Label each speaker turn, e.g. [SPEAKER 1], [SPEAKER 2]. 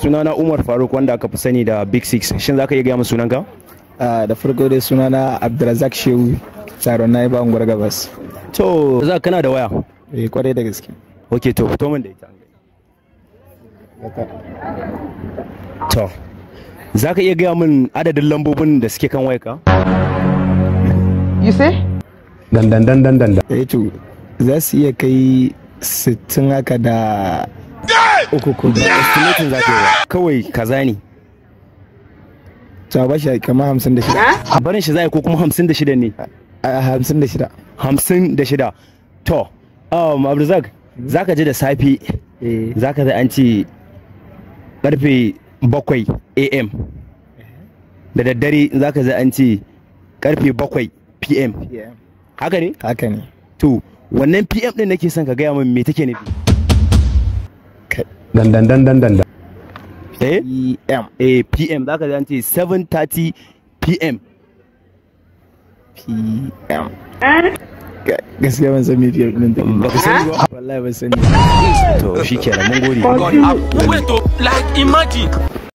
[SPEAKER 1] sunana umar faruk wanda aka fi sani da big six shin za ka iya gaya mu sunanka ah, da farko dai sunana abdulrazak shehu tsaron na ba unguwar gabas to za kana da waya eh kwarai da gaske ok to to mun da ita to za ka iya gaya min adadin lambobin da suke kan wayarka you say dandan dandan dandan eh to za su iya kai 60 haka da uku ku ba za ka yi kawai kaza ne ta ba kamar hamsin da shida a barin shi za ko kuma hamsin da shida ne hamsin da shida hamsin da shida to um, abdulzak za ka je da safe eh. za ka an ce karfe bakwai am da daddare za ka an ce karfe bakwai pm haka ne haka ne to wannan pm din nake son ka gaya min me take nufi Dan-dan-dan. eh pm eh pm zaka ji an ce 7:30 pm pm gaskiya ban san me din da ba ku ba wallahi ban sani to shikenan mun gode god up oh, like imagine